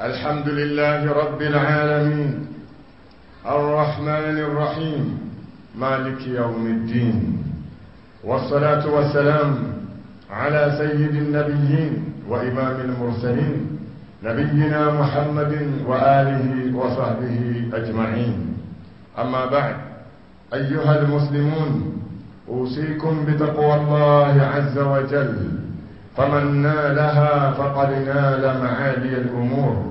الحمد لله رب العالمين الرحمن الرحيم مالك يوم الدين والصلاة والسلام على سيد النبيين وإمام المرسلين نبينا محمد وآله وصحبه أجمعين أما بعد أيها المسلمون أوصيكم بتقوى الله عز وجل فمن نالها فقد نال معالي الأمور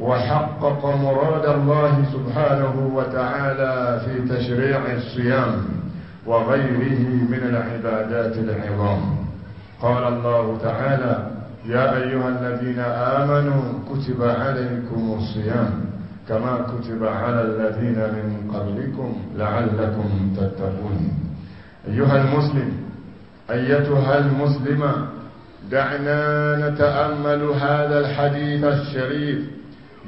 وحقق مراد الله سبحانه وتعالى في تشريع الصيام وغيره من العبادات العظام قال الله تعالى يا أيها الذين آمنوا كتب عليكم الصيام كما كتب على الذين من قبلكم لعلكم تتقون أيها المسلم أيتها المسلمة دعنا نتأمل هذا الحديث الشريف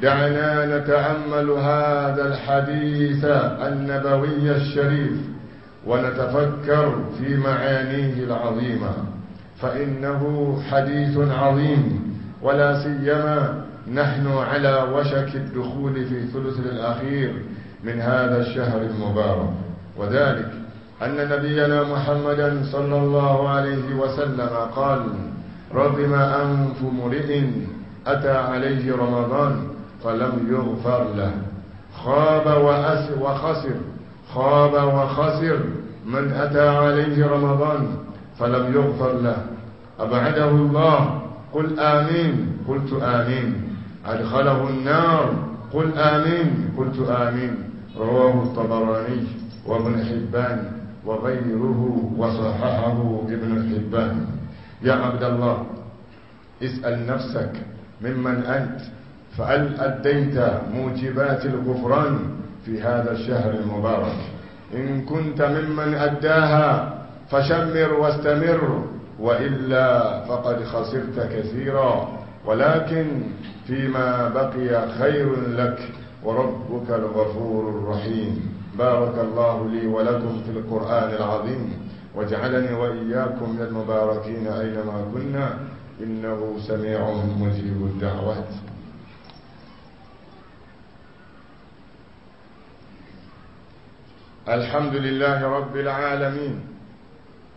دعنا نتأمل هذا الحديث النبوي الشريف ونتفكر في معانيه العظيمة فإنه حديث عظيم ولا سيما نحن على وشك الدخول في الثلث الأخير من هذا الشهر المبارك وذلك أن نبينا محمدا صلى الله عليه وسلم قال رغم أنف امرئ أتى عليه رمضان فلم يغفر له خاب وأس وخسر خاب وخسر من أتى عليه رمضان فلم يغفر له أبعده الله قل آمين قلت آمين أدخله النار قل آمين قلت آمين رواه الطبراني وابن حبان وغيره وصححه ابن حبان يا عبد الله اسأل نفسك ممن أنت فهل أديت موجبات الغفران في هذا الشهر المبارك إن كنت ممن أداها فشمر واستمر وإلا فقد خسرت كثيرا ولكن فيما بقي خير لك وربك الغفور الرحيم بارك الله لي ولكم في القرآن العظيم واجعلني وإياكم من المباركين أينما كنا إنه سميع مجيب الدعوات الحمد لله رب العالمين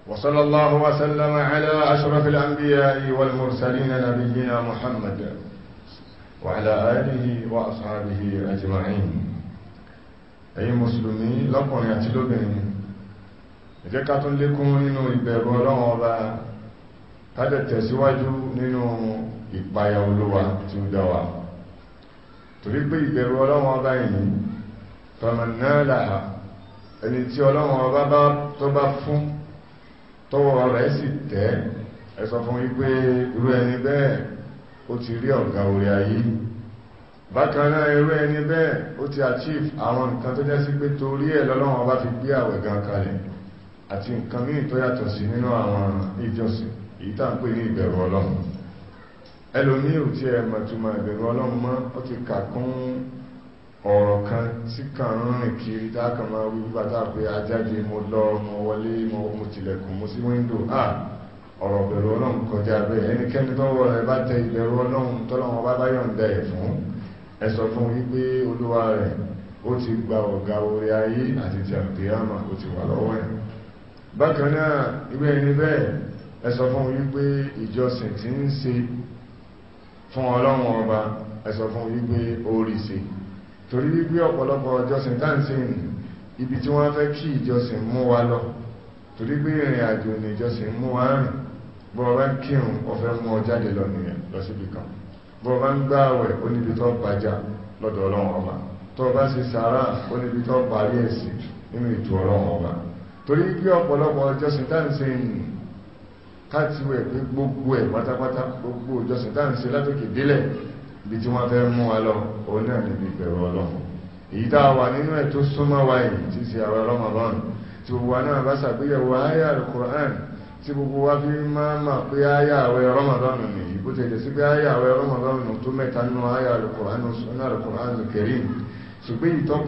وصلى الله وسلم على أشرف الأنبياء والمرسلين نبينا محمد وعلى آله وأصحابه أجمعين أي مسلمين لقنا يتلبني ìjẹ́ ká tún lékún nínú ìbẹ̀rù ọlọ́run ọba kájẹ̀ tẹ̀síwájú nínú ìpayà olúwa tí ó dáwà torí pé ìbẹ̀rù ọlọ́run ọba yìí tọ̀nà náà láà ẹni tí ọlọ́run ọba bá tó bá fún tọwọ́ rẹ̀ sì tẹ́ ẹ sọ fún wípé irú ẹni bẹ́ẹ̀ ó ti rí ọ̀gá orí ayé bákanáà irú ẹni bẹ́ẹ̀ ó ti achieve àwọn nǹkan tó jẹ́ sí pé torí ẹ̀ lọ́lọ́run ọba fi gbé àwẹ̀ gan kalẹ̀ àti nǹkan ní ìtọ́ yàtọ̀ sí nínú àwọn ìjọsìn èyí tàà ń pè ní ìbẹ̀rù ọlọ́run ẹlòmí ò tí ẹ mọ̀túnmọ̀ ìbẹ̀rù ọlọ́run mọ́ ó ti kà kún ọ̀rọ̀ kan tí kàn rìn kiri táàkà máa wí bàtà pé ajáde mo lọ mo wọlé mo mo tilẹ̀kùn mo sí wíńdò à ọ̀rọ̀ ìbẹ̀rù ọlọ́run kọjá bẹ́ẹ̀ ẹnikẹ́ni tó wọ ẹ bá tẹ ìbẹ̀rù ọlọ́run tọ́lọ́run bá bá yọ̀ǹda ẹ̀ fún ẹ sọ fún wípé olúwa rẹ̀ ó ti gba ọ̀gá orí ayé àti ti àgbéyàmà ó ti wà lọ́wọ́ ẹ̀ bákan náà ibẹ̀ ẹni bẹ́ẹ̀ ẹ sọ fún wípé ìjọsìn tí ń ṣe fún ọlọ́run ọba ẹ sọ fún wípé orí ṣe torí wípé ọ̀pọ̀lọpọ̀ ìjọsìn táǹsì ibi tí wọ́n fẹ́ kí ìjọsìn mú wa lọ torí pé ìrìn àjò ní ìjọsìn mú wa rìn bọ́ọ̀bá ń kírun ọ̀fẹ́ mú ọ jáde lọ nìyẹn lọ síbi kan bọ́ọ̀bá ń gbààwẹ̀ oníbi tó bàjá lọ́dọ̀ ọlọ́run ọba tó bá sì sàárà oníbi tó parí ẹ̀sìn nínú ètò ọlọ́run ọba torí pé ọ̀pọ̀lọpọ̀ ọjọ́sìn táǹsẹ̀ yìí káàtìwò ẹ̀ pé gbogbo ẹ̀ pátápátá gbogbo ọjọ́sìn táǹsẹ̀ látòkè délẹ̀ ibi tí wọ́n fẹ́ mú wa lọ òun náà níbi ìbẹ̀rù ọlọ́run èyí tá a wà nínú ẹ̀ tó súnmọ́ wa Ramadan tí gbogbo wa náà Ramadan nìyí bó tẹ̀lé sí pé ayé àwẹ̀ Ramadan tó mẹ́ta nínú ayé alukur'an Karim ṣùgbé ìtọ́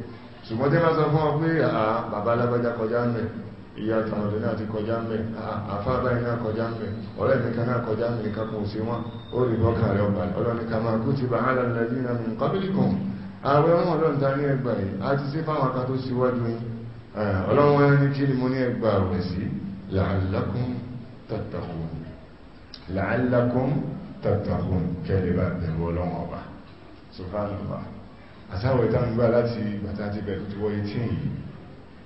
ṣùgbọ́n tí wọ́n sọ fún ọ pé àà bàbá alágbájá kọjá ń bẹ̀ ìyá àtàwọn náà ti kọjá ń bẹ̀ àfá báyìí náà kọjá ń bẹ̀ ọ̀rẹ́ mi kan náà kọjá ń bẹ̀ kankan sí wọn ó rí bọ́kà rẹ̀ ọ̀bà ọlọ́ni ká máa kú ti bá hálà náà mi nǹkan kan ààrẹ wọn ọlọ́run ta ní ẹgbà yìí a ti sí fáwọn aka tó síwájú yín ọlọ́run wọn ní kí ni mo ní ẹgbà rẹ̀ sí la'allakum tattaqun la'allakum bẹ̀rù ọlọ́run ọba subhanallah àtàwọn ìta ń gbà láti bàtà ti bẹ̀rẹ̀ ti wọ 18 yìí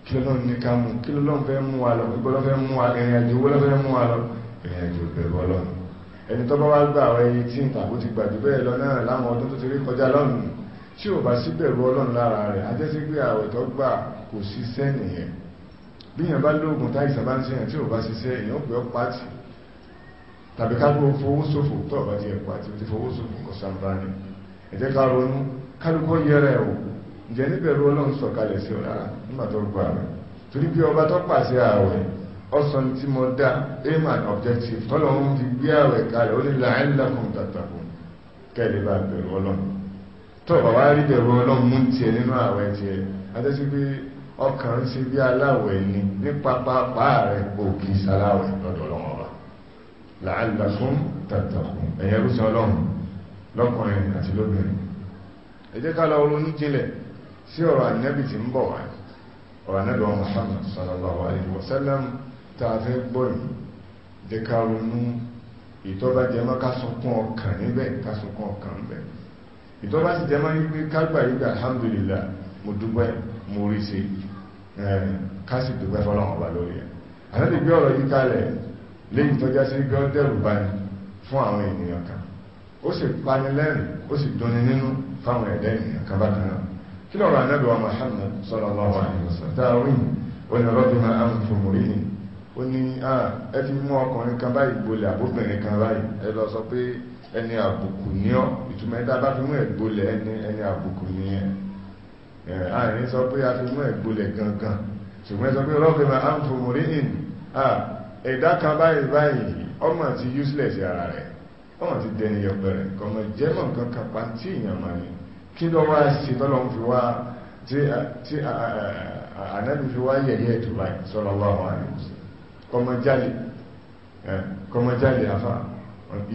kí lọ́lọ́n ní ká mú kí lọ́lọ́n fẹ́ mú wa lọ gbogbo lọ́fẹ́ mú wa ìrìn àjò owó lọ́fẹ́ mú wa lọ ìrìn àjò bẹ̀rẹ̀ ọlọ́run ẹni tó bá wá gbà àwọn 18 tàbí ti gbàjú bẹ́ẹ̀ lọ náà láwọn ọdún tó ti rí kọjá lọ́nà tí ò bá sí bẹ̀rù ọlọ́run lára rẹ̀ ajẹ́sí pé àwẹ̀ tó gbà kò sí sẹ́nìyẹn bí kálukọ́ yẹra ẹ̀wò ǹjẹ́ níbẹ̀rù ọlọ́run sọ̀kalẹ̀ sí ọ̀rá nígbà tó gbà rẹ̀ torí bí ọba tó pàṣẹ ààwẹ̀ ọsàn tí mo dá aim and objective tọ́lọ́run fi gbé ààwẹ̀ kalẹ̀ ó ní láìlákùn tàtàkùn kẹ́lẹ̀ bá bẹ̀rù ọlọ́run tó bàbá rí bẹ̀rù ọlọ́run mú tiẹ̀ nínú ààwẹ̀ tiẹ̀ adẹ́sí pé ọkàn sí bí aláwẹ̀ ni ní pápápá rẹ̀ òkè ìsàláwẹ̀ lọ́dọ̀ ọlọ́run ọba láìlákùn tàtàkùn ẹ̀yẹ́rúsọ ọlọ́run lọ́kùnrin àti lóbìnrin ẹ jẹ́ ká lọ ronú jinlẹ̀ sí ọ̀rọ̀ ànábì tí ń bọ̀ wá ọ̀rọ̀ ànábì wa Muhammad sallallahu alaihi wa sallam tá a fẹ́ gbọ́ yìí jẹ́ ká ronú ìtọ́ba jẹmọ́ ká sunkún ọkàn níbẹ̀ ká sunkún ọkàn níbẹ̀ ìtọ́ba sì jẹmọ́ wípé kágbà yìí gbà alhamdulillah mo dúpẹ́ eh, ọ̀rọ̀ yìí kalẹ̀ léyìn tó jásí gbé ọ́ dẹ́rù báyìí ó sì pani lẹ́rìn ó sì dunni nínú fáwọn ẹ̀dẹ́ ènìyàn kábàkà náà kí lọ́rọ̀ Ànábì wa Muhammad sallallahu alaihi wasallam dáwìn onírọ́bí máa ń fò mórí ni ó ní ẹ fi mú ọkùnrin kan báyìí gbolẹ̀ àbóbìnrin kan báyìí ẹ lọ sọ pé ẹni àbùkù ní ọ ìtumọ̀ ẹ̀dá bá fi mú ẹ̀gbolẹ̀ ẹni ẹni àbùkù ní ẹ àárín sọ pé a fi mú ẹ̀gbolẹ̀ gangan ṣùgbọ́n sọ pé ọlọ́bí máa ń fò mórí ni ẹ̀dá kan báyìí báyìí ọmọ ti useless ara rẹ̀ ọmọ ti dẹni yọpẹrẹ kọmọ jẹ́mọ̀ kankan pa tí ìyàn máa ní kí lọ wá sí tọ́lọ́n fi wá tí ànábì fi wá yẹ̀yẹ́ ètò báyìí sallallahu alaihi wasallam kọmọjálè kọmọjálè afá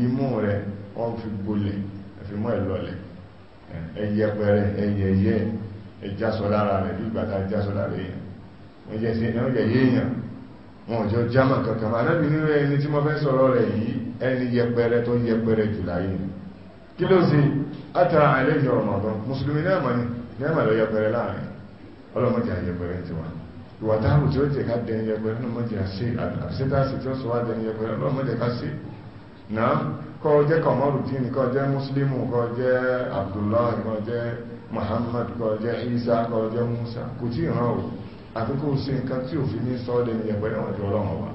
imú rẹ̀ wọ́n fi gbolẹ̀ fi mọ́ ìlọlẹ̀ ẹyẹ pẹ̀rẹ̀ ẹyẹyẹ ẹjásọ lára rẹ̀ bí ìgbàta ẹjásọ lára èèyàn wọ́n jẹ́ sí ẹ̀yẹ́ èèyàn wọn jọ jámà kankan ànábì ẹni tí kí ló sí átà àìlẹ́jọ ọmọdún musulmi nẹ́ẹ̀mọ̀ ni nẹ́ẹ̀mọ̀ lọ yẹpẹrẹ láàrin ọlọ́mọdé àyẹpẹrẹ ti wà ìwà táàrù tí ó jẹ ká dẹni yẹpẹrẹ ọlọ́mọdé àṣẹ àṣẹtàṣì tí ó sọ wá dẹni yẹpẹrẹ ọlọ́mọdé ká sí náà kọ́ jẹ́ kọmọrùdín kọ́ jẹ́ muslimu kọ́ jẹ́ abdullahi kọ́ jẹ́ muhammad àfikún sí nǹkan tí òfin ní sọ́ọ́dẹni yẹpẹrẹ wọn ti ọlọ́mọ wa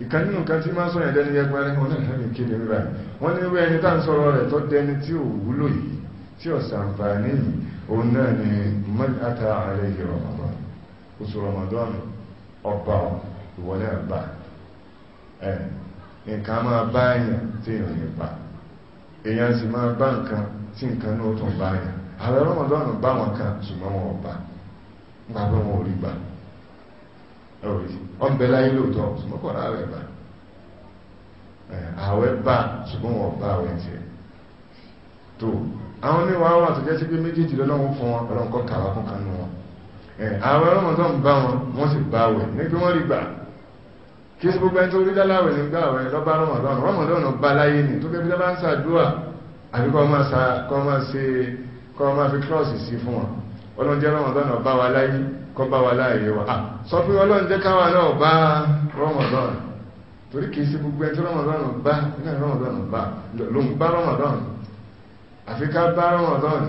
ìkan nínú kan tí máa sọ yẹn dẹni yẹpẹrẹ wọn náà lè kéde rírà wọn ní wẹ́ẹ̀ni tá ń sọ̀rọ̀ rẹ̀ tó dẹni tí ò wúlò yìí tí ò sàǹfààní yìí òun náà ni mọ́lì àtà ààrẹ yìí Ramadan oṣù Ramadan ọba ìwọlé àbá ẹ nǹkan máa bá èèyàn tí èèyàn lè bá èèyàn sì wọ́n bẹ láyé lóòtọ́ ṣùgbọ́kọ̀rọ̀ àwẹ̀ bá àwẹ̀ bá ṣùgbọ́n wọ́n bá àwẹ̀ ṣe tó àwọn ní wàá wà tó jẹ́ sí pé méjèèjì lọ́lọ́run fún wọn ọlọ́run kọ́ kàwá fún kanú wọn àwẹ̀ ọlọ́run tó ń bá wọn wọ́n sì bá àwẹ̀ ní pé wọ́n rí gbà kí sí gbogbo ẹni tó rí dáláwẹ̀ nígbà àwẹ̀ lọ́bá rọmọdọ́n rọmọdọ́n bá láyé ni tó kẹ́ bí dábá ń ṣàdúrà àbí kọ́ máa fi kílọ̀ọ̀sì sí fún wọn ọlọ́run jẹ́ rọmọdọ́n bá wa kọ́ bá wa láàyè wa ah, sọ pé ọlọ́run jẹ́ káwa náà bá rọmọdọ́n torí kìí sí gbogbo ẹjọ́ rọmọdọ́n bá náà rọmọdọ́n bá lòun bá rọmọdọ́n àfi ká bá rọmọdọ́n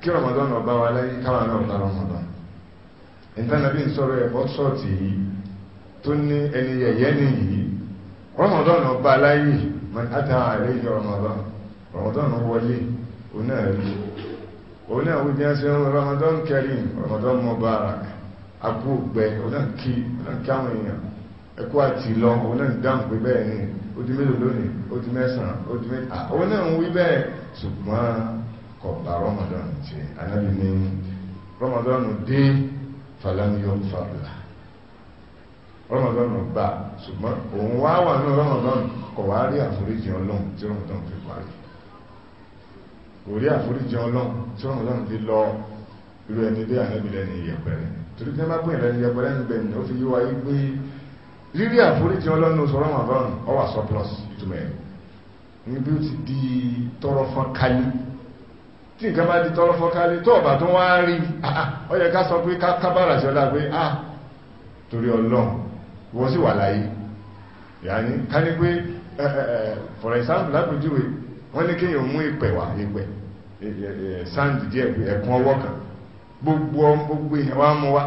kí rọmọdọ́n ọba wa láyé káwa náà bá rọmọdọ́n ìtànàbí ń sọ̀rọ̀ ẹ̀kọ́ sọ́ọ̀tì yìí tó ní ẹni yẹ̀yẹ́ nìyí rọmọdọ́n ọba láyé mọ̀tátà àlejò rọmọdọ́n rọmọdọ́n wọlé onáà rí Ramadan Karim Ramadan Mubarak agbó gbẹ ọlọ́nkí ọlọ́nkí àwọn èèyàn ẹkú àti lọ ọlọ́ndáhùn pé bẹ́ẹ̀ ni ó di mélòó lónìí ó di mẹ́sàn-án ó di mẹ́ta àwọn náà ń wí bẹ́ẹ̀ ṣùgbọ́n kò bá Ramadan ti anábì ní Ramadan dé falamiyọ fàbílà Ramadan gbà ṣùgbọ́n òun wá wà ní Ramadan kò wá rí àforíjì ọlọ́run tí Ramadan fi parí kò rí àforíjì ọlọ́run tí Ramadan fi lọ irú ẹni bí ànábì lẹ́ni yẹpẹrẹ torí tí wọ́n bá pè lẹ́ni yẹpẹrẹ ń bẹ̀ ní ó fi yíwa yí pé rírí àforíjì ọlọ́nu sọ̀rọ̀ màbọ́n ọ wà surplus ìtumọ̀ ẹ̀ ní bí ó ti di tọrọ fọ́n kálí tí nǹkan bá di tọrọ fọ́n kálí tó ọ̀bà tó wá rí ọ ah, ah, yẹ ká sọ pé ká kábàrà sí ọlá pé ah torí ọlọ́run wọ́n sì wà láyé yàní ká ní pé for example lápèjúwe wọ́n ní kéèyàn mú ìpẹ̀ wá ìpẹ̀ sand díẹ̀ ẹ̀kún ọwọ́ kan gbogbo ọmọ gbogbo èèyàn wá mú wá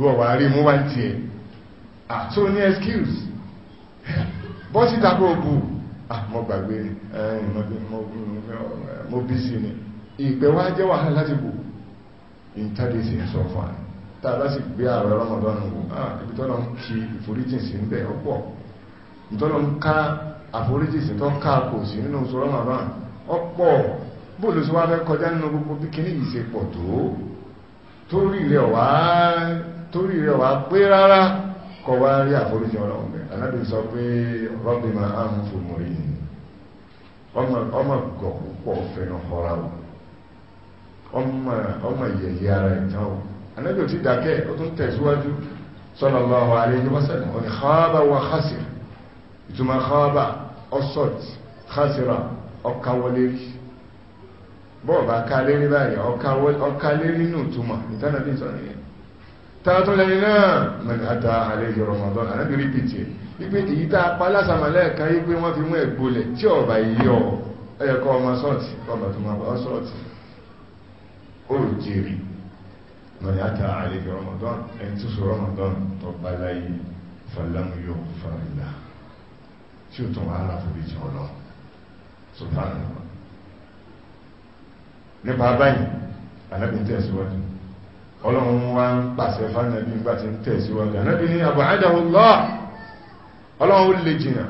wọ́n wà rí mú wá ń tiẹ̀ àtò ní excuse bọ́sí tako mo gbàgbé mo ni wàhálà láti bù ìntàdésì ẹ̀sọ̀ fún àná tá a bá gbé ààrẹ rọmọdọ́nù wò ibi tọ́lọ ń kí ìforíjìn sí ń ká àforíjìn sí ká kò sí nínú rọmọdọ́nù ọ̀pọ̀ bóòlù kọjá nínú gbogbo bí kíní yìí torí rẹ̀ wá torí rẹ̀ wá pé rárá kọ wá rí àforíjì ọlọ́run bẹ̀ aláàdùn sọ pé rọ́bì máa hàn fún mọ̀ yìí ọmọ gọ̀ púpọ̀ fẹ̀ràn ọ̀rá o ọmọ ìyẹ̀yẹ ara ìtàn o anájò ti dákẹ́ ó tún tẹ̀síwájú sallallahu alayhi wa sallam ó ní khaba wa khasir ìtumọ̀ khaba ọsọt khasira ọkàwọlérí bọ́ọ̀bá kalérí báyìí ọkalérí nù túmọ̀ ìtànà bí sọ́nà yẹn tààtọ́ lẹ́ni náà mẹ́ta àlejò Ramadan anábìrí pìtì wípé èyí tá a pa lásàmàlẹ́ kan yí pé wọ́n fi mú ẹ̀gbọ́lẹ̀ tí ọ̀bà yìí ọ̀ ẹ̀kọ́ ọmọ sọ́ọ̀tì ọmọ tó máa bọ́ sọ́ọ̀tì ó jèrè mẹ́ta àlejò Ramadan ẹni tó sọ Ramadan tó bá láyé fàlámúyọ fàlá nípa báyìí ànábì ń tẹ̀síwájú ọlọ́run wá ń pàṣẹ fánàbí ń gbà ti ń tẹ̀síwájú ànábì ní àbájáwọ́lọ́ ọlọ́run lè jìnà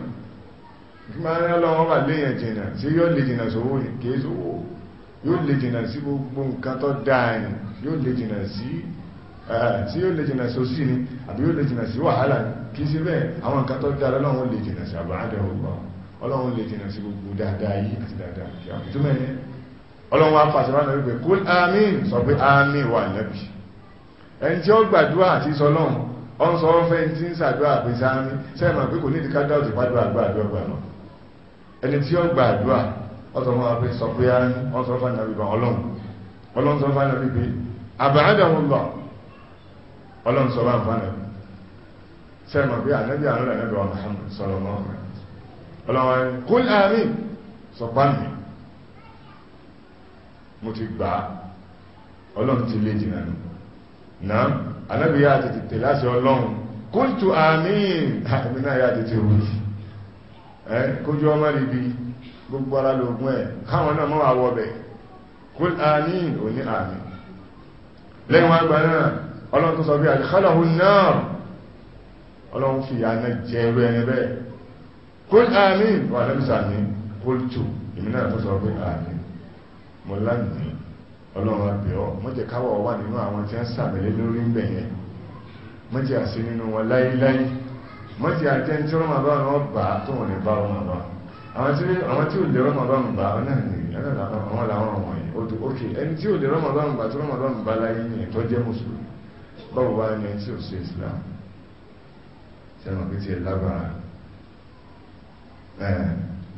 kí máa rí ọlọ́run wà léèyàn jìnà sí yóò lè jìnà sówó ní kéèsówó yóò lè jìnà sí gbogbo nǹkan tó dáàyàn yóò lè jìnà sí tí eh, yóò lè jìnà sósì ni àbí yóò lè jìnà sí wàhálà kí sí bẹ́ẹ̀ àwọn nǹkan tó dáa lọ́lọ́run lè jìnà sí àbájáwọ́lọ́ ọlọ́run lè jìnà sí gbogbo dáadáa yìí àti dáadáa kí ọlọ́run wá pàṣẹ bá nàbí pé kúl àmín sọ pé àmín wà nẹ́bì ẹni tí ó gbàdúrà àti sọlọ́run ọ́n sọ ọ́fẹ́ tí ń sàdúrà pé sáàmì sẹ́mà pé kò ní ìdíká dáòtì pàdúrà gbàdúrà gbàmà ẹni tí ó gbàdúrà ọ̀sọ̀ wọn pé sọ pé àmín ọ́n sọ fà nàbí pé ọlọ́run ọlọ́run sọ fà nàbí pé àbàádàwọ̀ lọ mo ti gbà á ọlọ́run ti lè jìnà nù náà anábìyà àti tètè láti ọlọ́run kúntù àmín àmì náà yà tètè wù ẹ kójú ọmọ ríbi gbogbo ara lògùn ẹ káwọn náà mọ́ àwọ̀ bẹ̀ kúl àmín òní àmín lẹ́yìn wọn gbà náà ọlọ́run tó sọ bí àdìkálàhù náà ọlọ́run fi àná jẹ ẹrú ẹni bẹ́ẹ̀ kúl àmín wà lẹ́bùsà ní kúl tù tó sọ bí àmín mo lánìí ọlọ́run àbẹ̀ ọ́ mo jẹ́ káwọ̀ wà nínú àwọn tí wọ́n sàbẹ̀lẹ̀ lórí ń bẹ̀yẹn mo jẹ́ àṣẹ nínú wọn láíláí mo jẹ́ àjẹ́ tí wọ́n máa bá wọn bá tó wọn lè bá wọn bá àwọn tí ò lè rọ́mà bá wọn bá àwọn làwọn wọ̀nyí ok ẹni tí ò lè rọ́mà bá wọn bá tó rọ́mà bá wọn bá láyé ní ẹ̀tọ́ jẹ́ mùsùlùmí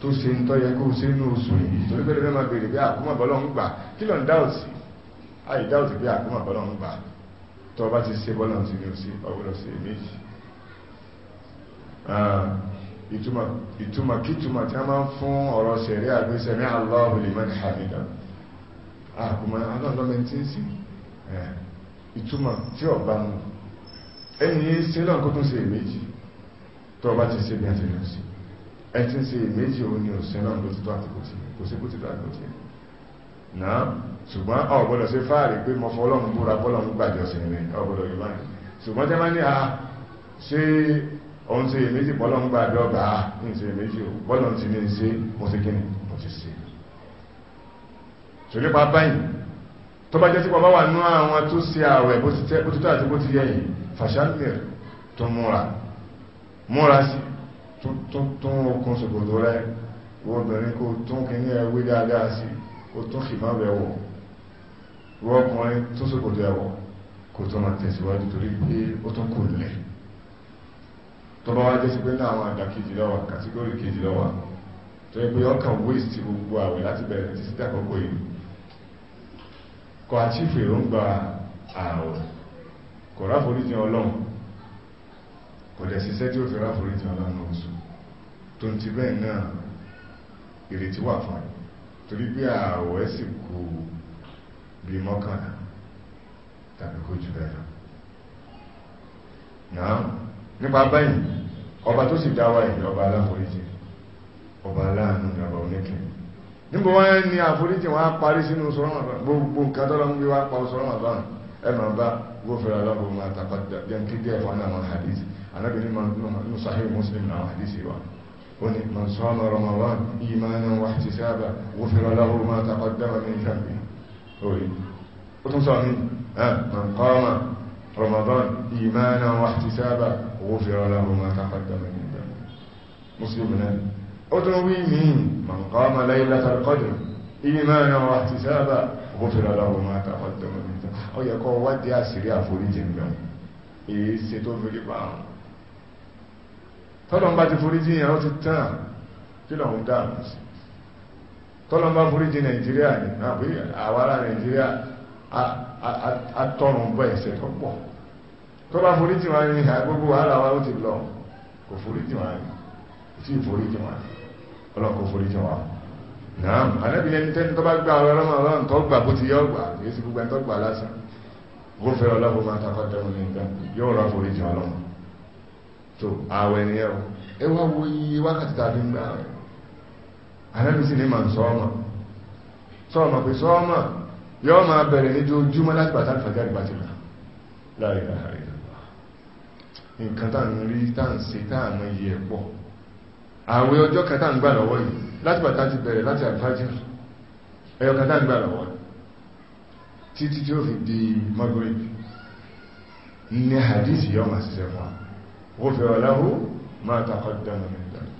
tó ṣe ń tọ́yẹ kó ṣe inú oṣù yìí torí pé lẹ́fẹ́ máa bèèrè bí àkúmọ̀ bọ́lọ́ ń gbà kí lọ ń dáòtì àì dáòtì bí àkúmọ̀ bọ́lọ́ ń gbà tó bá ti ṣe bọ́lọ́ ti ní oṣù ọgbọ́dọ̀ ṣe méjì ìtumọ̀ kí ìtumọ̀ tí a máa ń fún ọ̀rọ̀ ṣẹ̀rí àgbésẹ̀mí Allahu liman hamida àkúmọ̀ alọ́lọ́mẹ́ntí sí ìtumọ̀ tí ọ̀bá mú ẹni yìí sílọ̀ kó tún ṣe méjì tó bá ti ṣe bí a ti ní oṣù ẹ̀tí sí méjì òun ni òsìn náà ló ti tó àti kò sí kò ti tó àti kò ti náà ṣùgbọ́n ọ̀gbọ́dọ̀ sí fáàrí pé mọ́fọ́ ọlọ́run búra bọ́lọ́run gbàjọ sí ni ọ̀gbọ́dọ̀ yìí báyìí ṣùgbọ́n tẹ́ máa ní a ṣe òun ṣe méjì bọ́lọ́run gbàjọ bá ń ṣe méjì ò bọ́lọ́run ti ní ṣe mo ti kíni mo ti ṣe ṣò nípa tó bá jẹ́ sí pọ̀bá wà nú àwọn tó ṣe ààwẹ̀ bó ti tọ́ àti bó ti yẹ yìí tó múra múra sí tún okun ṣòkòtò rẹ̀ wọ́n obìnrin kó tún kìíní ẹwé dáadáa sí ó tún fìmọ́ rẹ̀ wọ̀ wọ́n ọkùnrin tún ṣòkòtò ẹ̀wọ̀ kò tó máa tẹ̀síwájú torí pé ó tún kò lẹ̀ tó bá wájẹ́ sí pé ní àwọn àdá kejì lọ́wà kàtígórì kejì lọ́wà tó yẹ pé ọkàn wéèsì gbogbo àwẹ̀ láti bẹ̀rẹ̀ títí dàkọ́kọ́ yìí kọ àchífèrè ń gba ààrùn kọ̀ráforíjì ọlọ́run kọ̀dẹ̀ síṣẹ́ tí ó fẹ́ ráforíjì aláàánú oṣù tó ń ti bẹ́ẹ̀ náà ìrètí wà fún torí pé ààwẹ̀ sì kú bí mọ́kànlá tàbí kó jù bẹ́ẹ̀ náà nípa báyìí ọba tó sì dáwà ìlú ọba aláforíjì ọba ni ọba oníkẹ́ nígbà wọn ní àforíjì wọn á parí sínú sọ́rọ̀ gbogbo nǹkan tọ́lọ́ ń pa sọ́rọ̀ àbáhùn ẹ̀mọ̀ bá gófẹ́ra lọ́gbọ̀n àtàkọ́ arábìnrin mọ̀ sahih muslim náà hadisi wa ó ní man sama ramadan imanan wa ihtisaban ghufira lahu ma taqaddama min dhanbi orí ó tún sọ ní ah, man qama ramadan imanan wa ihtisaban ghufira lahu ma taqaddama min dhanbi muslim náà ó tún wí man qama laylatal qadr imanan wa ihtisaban ghufira lahu ma taqaddama min dhanbi ó yẹ kó wádìí àṣírí àforíjì ń bẹ̀rẹ̀ èyí ṣe fi rí pa tọ́lọ́n bá ti forí jíyàn ó ti tán kí lọ́n dáàmù sí tọ́lọ́n bá forí jí nàìjíríà ní àbí àwárá nàìjíríà atọ́rùn bọ́ ẹ̀ṣẹ̀ tó pọ̀ forí jí wọn ní gbogbo wàhálà wa ó ti lọ kò forí jí wọn ní tí forí jí wọn ọlọ́n kò forí jí wọn náà anábìyẹn tẹ́ni tó bá gbà ọlọ́run ọlọ́run tó gbà bó ti yọ gbà tó ààwẹ̀ ni ẹ̀rọ ẹ wá wo iye wákàtí tàbí ń gbà rẹ̀ anábìsí ní ma ń sọ ọmọ sọ ọmọ pé sọ ọmọ yóò máa bẹ̀rẹ̀ ní ojoojúmọ́ láti bàtà fàjá ìbátìlá láàrin àárín nǹkan tá ń rí tá ń ṣe tá àmọ́ iye ẹ̀pọ̀ ààwẹ̀ ọjọ́ kan tá ń gbà lọ́wọ́ yìí láti bàtà ti bẹ̀rẹ̀ láti àfájá ẹyọ kan tá ń gbà lọ́wọ́ títí tí ó fi di magrib ní hadith yóò máa ṣiṣẹ́ fún wa غفر له ما تقدم من ذنب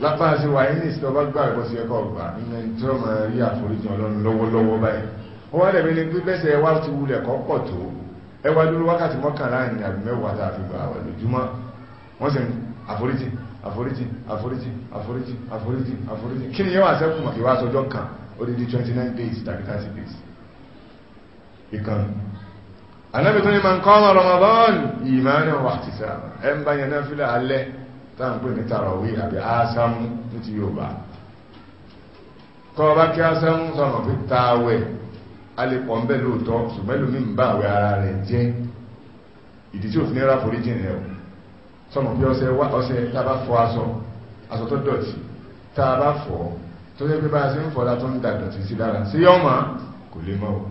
lápá sí wà ní ìsìtọ́bá gbà ẹ̀kọ́ sí ẹ̀kọ́ ọ̀gbà ní tí ó máa rí àforíjì ọlọ́run lọ́wọ́lọ́wọ́ báyìí ó wá dẹ̀bí ní pípẹ́sẹ̀ ẹwà ti wulẹ̀ kọ́ pọ̀ tó ẹwà dúró wákàtí mọ́kànlá ní àbí mẹ́wàá tá a fi gbà wà lójúmọ́ wọ́n sì ń àforíjì àforíjì àforíjì àforíjì àforíjì àforíjì kí ni yẹ́wà sẹ́kù mọ̀ ìwà sọjọ́ kan ó di di days tàbí 30 days ìkan anábì tó ní ma ń kọ́ ọmọ Ramadan ìmáni wà ti sá ẹ ń bá yẹn náà fílẹ̀ alẹ́ táǹpé ní tàràwí àbí ásámú ní ti yóò bá kọ́ ọba kí ásámú sọ̀rọ̀ pé táwẹ̀ a lè pọ̀ ń bẹ́ lóòótọ́ ṣùgbọ́n lómi ń bá àwẹ̀ ara rẹ̀ jẹ́ ìdí tí òfin ra forí jìn o sọ̀rọ̀ pé ọṣẹ wá ọṣẹ tá fọ aṣọ aṣọ tó dọ̀tí tá fọ tó yẹ pé bá a ń fọ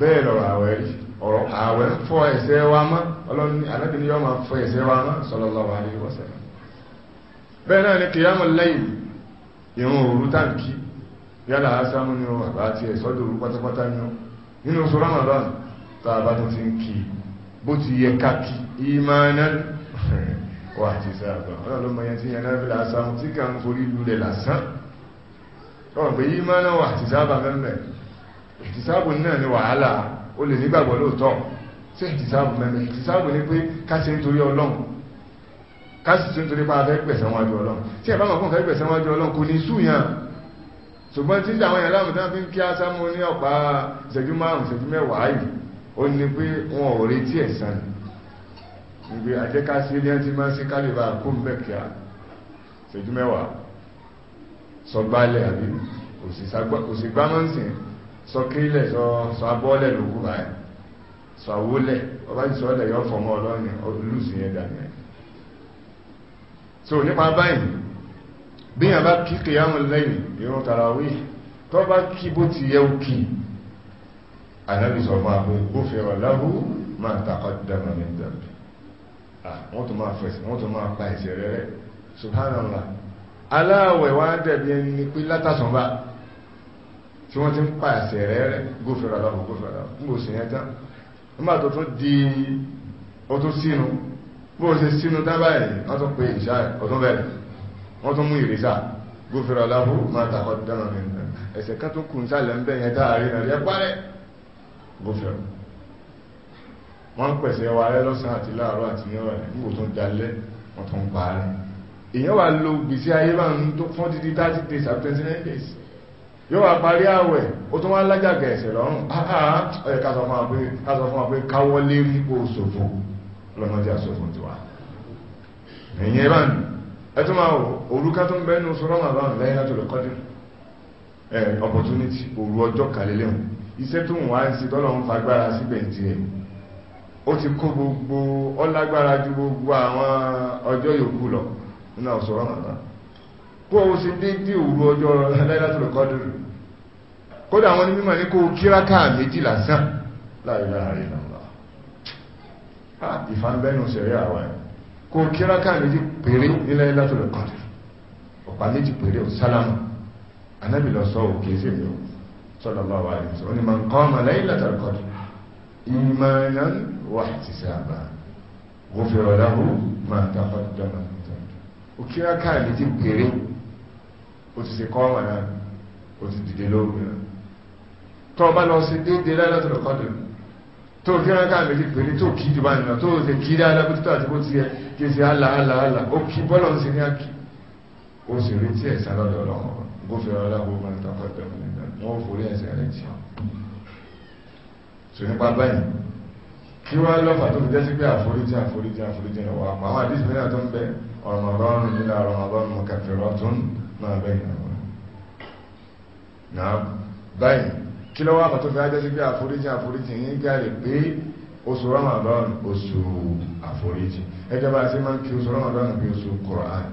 bẹ́ẹ̀ lọ́rọ̀ àwẹ̀ rí ọ̀rọ̀ àwẹ̀ fọ ẹ̀ṣẹ̀ wa mọ́ ọlọ́ni alábìnrin yọ́ máa fọ ẹ̀ṣẹ̀ wa mọ́ sallallahu alaihi wasallam bẹ́ẹ̀ náà ni kìyàmù lẹ́yìn ìrun òru tàbí yálà asámú ni ó àbá ti ẹ̀sọ́dọ̀ òru pátápátá ni ó nínú oṣù Ramadan tá a bá tún ti ń kí bó ti yẹ káàkì imanan wà ti sáàbà ọ̀nà ló mẹ́mẹ́ ìtìsáàbù náà ni wàhálà ó lè nígbàgbọ́ lóòótọ́ sí ìtìsáàbù mẹ́mẹ́ ìtìsáàbù ní pé káṣe nítorí ọlọ́run káṣe nítorí pa fẹ́ gbẹ̀sẹ̀ wájú ọlọ́run tí ẹ̀ bá mọ̀ fún fẹ́ gbẹ̀sẹ̀ wájú ọlọ́run kò ní súyàn ṣùgbọ́n tí ń dà àwọn èèyàn láàmú tán fi ń kí ásámú ní ọ̀pá ìṣẹ́jú márùn-ún ìṣẹ́jú mẹ́wàá yìí ó ní pé wọn ò retí ẹ̀san ìgbé àjẹ́kásí ilé ẹni tí máa ń sí kálíbà kó mẹ́kíá ìṣẹ́jú mẹ́wàá sọgbálẹ̀ àbí òsì sọ kílẹ̀ sọ abọ́lẹ̀ lókù báyìí sọ àwólẹ̀ ọba ti sọ́lẹ̀ yọ fọmọ ọlọ́rin olùsìn yẹn dànù ẹ̀ so nípa báyìí bí yàn bá kí kìyàmù lẹ́yìn ìrún tàràwí tó bá kí bó ti yẹ òkì ànábì sọ máa bó gbófin ọ̀láhù máa taqaddama min wọ́n tó máa fẹ̀sì wọ́n tó máa pa ẹ̀ṣẹ̀ subhanallah aláwẹ̀ wá dẹ̀bi ẹni pé látàsánbá tí wọ́n ti ń pa ẹ̀sẹ̀ rẹ̀ rẹ̀ gófèrè aláwọ̀ gófèrè aláwọ̀ nígbò sí yẹn tán nígbà tó tún di ó tún sínú bó ṣe sínú dábà yìí wọ́n tún pe ìṣá ọdún bẹ̀rẹ̀ wọ́n tún mú ìrìsà gófèrè aláwọ̀ máa takọ̀ dáná rẹ̀ ẹ̀sẹ̀ kan tó kù ń sálẹ̀ ń bẹ̀ yẹn tá àárín rẹ̀ parẹ́ gófèrè wọ́n ń pèsè wa rẹ̀ lọ́sàn àti láàárọ̀ àti nírọ̀ rẹ̀ nígbò tó ń dalẹ̀ wọ́n tún yóò wà parí àwẹ̀ ó tún wá lájàgà ẹ̀sẹ̀ lọ́rùn àà ọ̀yẹ̀ kásọ fún wa pé káwọ́ lérí kó sòfò lọ́nà tí a sòfò ti wà ẹ̀yìn ẹ̀bá nù ẹ̀tún máa orúká tó opportunity òru ọjọ́ kàlélẹ́hùn iṣẹ́ tó wà ń sí tọ́lọ̀ ń fagbára síbẹ̀ ti ẹ̀ ó ti kó gbogbo ọlágbára ju gbogbo àwọn ọjọ́ yòókù lọ nínú àwọn sọ́rọ̀mà láàrín kó o sì dédé òru ọjọ́ Lailatul Qadr kódà àwọn ní mímọ̀ ní kó o kíráká méjì lásán la ilaha illallah ìfanbẹ́nu sẹ̀rí àwọn kó o kíráká méjì péré ní Lailatul Qadr ọ̀pá méjì péré ò sálámù anábì lọ sọ òkè sí mi ò sallallahu alaihi wasallam ni man qama Lailatul ó ti ṣe kọ́ ọ̀nà ó ti dìde lóru náà tó bá lọ sí déédéé lálátọ̀lọ́ kọ́dọ̀ tó kí rákà méjì péré tó kí ìjọba nìyàn tó ṣe kí dáadáa bó ti tó àti bó ti yẹ kí ṣe àlà àlà àlà ó kí bọ́lọ̀ ń ṣe ní àkí ó sì retí ẹ̀sà lọ́dọ̀ ọlọ́run gófin ọlọ́dọ̀ gbogbo ẹni tọkọ ìbẹ̀rù nìkan wọ́n forí ẹ̀sẹ̀ rẹ̀ tí ó sọ nípa báyìí kí wá lọ́fà tó fi jẹ́ sí pé àforíjì àforíjì àforíjì ẹ̀wọ̀ àpá àwọn àdísìmílà tó ń bẹ ọ̀rọ̀mọ̀rọ̀rùn nílà ọ̀rọ̀mọ̀rọ̀rùn kàfẹ́rọ̀ tó ń máa bẹ́ẹ̀ náà náà báyìí kí lọ́wọ́ àpàtó fi ajẹ́ sí pé àforíjì àforíjì yìí gáàrí pé oṣù Ramadan oṣù àforíjì ẹjọ́ bá sí máa ń kí oṣù Ramadan bí oṣù Qur'an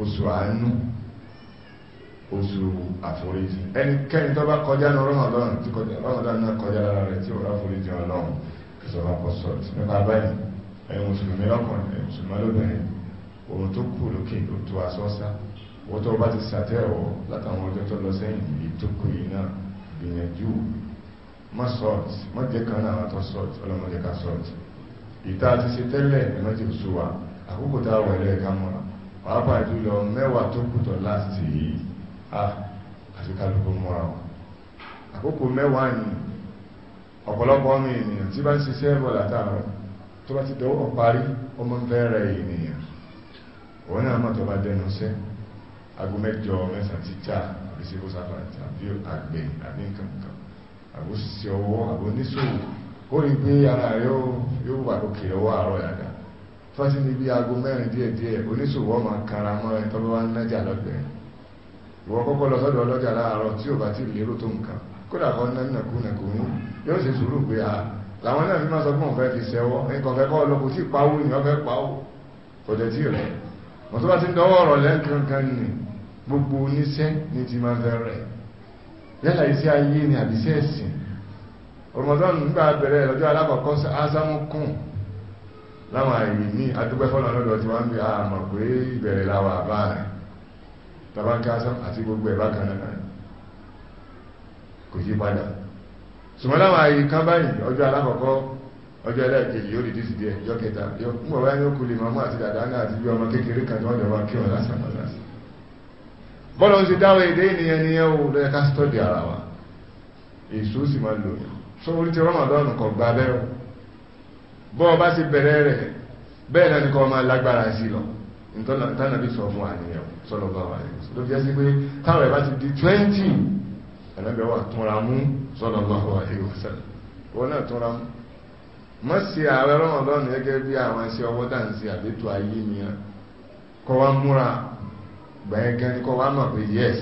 oṣù àánú oṣù àforíjì ẹnikẹ́ni tó bá kọjá ní Ramadan tí Ramadan náà kọjá lára rẹ̀ tí ó ráforíjì Ọlọ́run ìṣọ̀rọ̀ kọ sọ̀rọ̀ nípa báyìí ẹ̀yin mùsùlùmí lọ́kùnrin ẹ̀yin mùsùlùmí lóbìnrin ohun tó kù lókè tó wọ́n tó bá ti sàtẹ́wọ̀ látàwọn ọjọ́ tó lọ sẹ́yìn ìtókò iná gbìyànjú má sọ́t má jẹ́ kan náà tó sọ́t ọlọ́mọdé ká sọ́t ìta ti ṣe tẹ́lẹ̀ ẹ̀mẹ́jì òṣùwà àkókò tá wọ̀ ẹ̀lẹ́ ẹ̀ka mọ́ra pàápàá jùlọ mẹ́wàá tó kùtọ̀ láti yìí a ah, àti kálukú mọ́ra wọn àkókò mẹ́wàá ni ọ̀pọ̀lọpọ̀ ọmọ ènìyàn tí bá ń ṣiṣẹ́ ẹ̀rọ látàrọ̀ tó bá ti dọ́wọ́ parí ọmọ fẹ́ rẹ̀ ènìyàn òun náà mọ̀ tó bá dẹnu sẹ́ẹ̀ aago mẹ́jọ mẹ́sàn títà àbí civil servant àbí àgbẹ̀ àbí nǹkan kan àbó sí ọwọ́ àbó níṣòwò ó rí pé ara rẹ yóò wà lókè ọwọ́ àárọ̀ yàgà fásitì níbi aago mẹ́rin díẹ̀díẹ̀ oníṣòwò máa kanra mọ́ ẹ tọ́lọ́wọ́ nájà lọ́gbẹ̀ẹ́ ìwọ kọ́kọ́ lọ sọ́dọ̀ ọlọ́jà láàárọ̀ tí ò bá ti lérò tó nǹkan kódà kan náà nàkú nàkú ní yóò sì sùúrù pé a làwọn náà fi máa sọ fún òun fẹ́ fi ṣẹwọ́ nǹkan fẹ́ kọ́ ọlọ́kù tí pawó ni wọ́n fẹ́ pawó kò dẹ̀ tí rẹ̀ mọ̀ tó bá ti ń dọwọ́ ọ̀rọ̀ lẹ́ǹkankan nì gbogbo oníṣẹ́ ní ti máa bẹ̀rẹ̀ yálà iṣẹ́ ayé ni àbíṣẹ́ ẹ̀sìn Ramadan nígbà bẹ̀rẹ̀ lọ́jọ́ alákọ̀ọ́kọ́ ázámú kùn láwọn àyè ní adúgbẹ́fọ́nà lọ́dọ̀ tí wọ́n ń bí a mọ̀ pé ìbẹ̀rẹ̀ láwà àbá rẹ̀ àti gbogbo ẹ̀bá kan náà kò yí padà ṣùgbọ́n láwọn àyè kan báyìí ọjọ́ alákọ̀ọ́kọ́ ọjọ́ ẹlẹ́ẹ̀kejì yóò rí dísìdí ẹ̀ ó kú lè àti dàdá náà àti bí ọmọ kékeré kan tí wọ́n jọ wá kí lásán bọ́lọ̀ ń ṣe dáwọ̀ èdè ènìyàn ni ẹ ò lẹ́ẹ̀ká stọ́dì ara wa èso sì máa lò yàn so orí ti Ramadan kọ̀ gba bẹ́rù bọ́ ọ bá ṣe bẹ̀rẹ̀ rẹ̀ bẹ́ẹ̀ náà ni kọ́ máa lágbára sí lọ tánà bí sọ fún àníyàn sọ́lọ́ bá wà ní ló fi ẹ́ sí pé táwọn ẹ̀ bá ti di 20 ẹ̀lẹ́bẹ̀ wà túnra mú sọ́lọ́ bá wà gbẹ̀yẹ̀gẹ́ ní kọ́ wá mọ̀ pé yes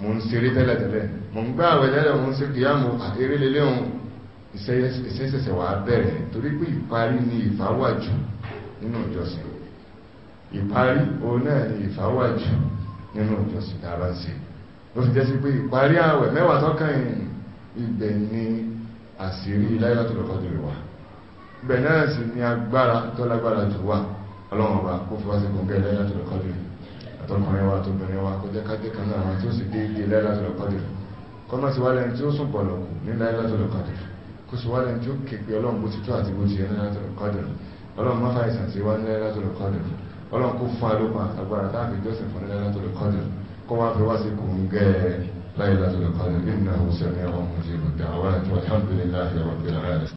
mo ń ṣeré tẹ́lẹ̀tẹ́lẹ̀ mo ń gbá àwẹ̀ tẹ́lẹ̀ mo ń se kìyàmù àkéré lélẹ́hùn ìṣẹ́sẹ̀sẹ̀ wà bẹ̀rẹ̀ torí pé ìparí ni ìfáwàjù nínú ìjọsìn ìparí òun náà ni ìfáwàjù nínú ìjọsìn dára ń ṣe ló fi jẹ́ sí pé ìparí àwẹ̀ mẹ́wàá tọ́kàn ibẹ̀ ni àṣírí Lailatul Qadr ni agbára tó lágbára jù wà ọlọ́run ọba kó fi wá sí gbọ̀ngẹ́ Lailatul Qadr àtọkùnrin wa àtobìnrin wa kó jẹ́ kájẹ́ kan náà tí ó sì déédéé láìlátọ̀lọ̀ kọ́dìrì kọ́nà sí wálẹ̀ tí ó sùn pọ̀lọ̀ kù ní láìlátọ̀lọ̀ kọ́dìrì kó sì wálẹ̀ tí ó képe ọlọ́run bó ti tó àti bó ti yẹ láìlátọ̀lọ̀ kọ́dìrì ọlọ́run má fà ìsàn sí wá ní láìlátọ̀lọ̀ kọ́dìrì ọlọ́run kó fún alópa agbára táàfi jọ́sìn fún láìlátọ̀lọ̀ kọ́dìrì kó wá fi wá sí kò ń gẹ́ láìlátọ̀lọ̀ kọ́dìrì innahu sami'un mujibud da'awati walhamdulillahi rabbil alamin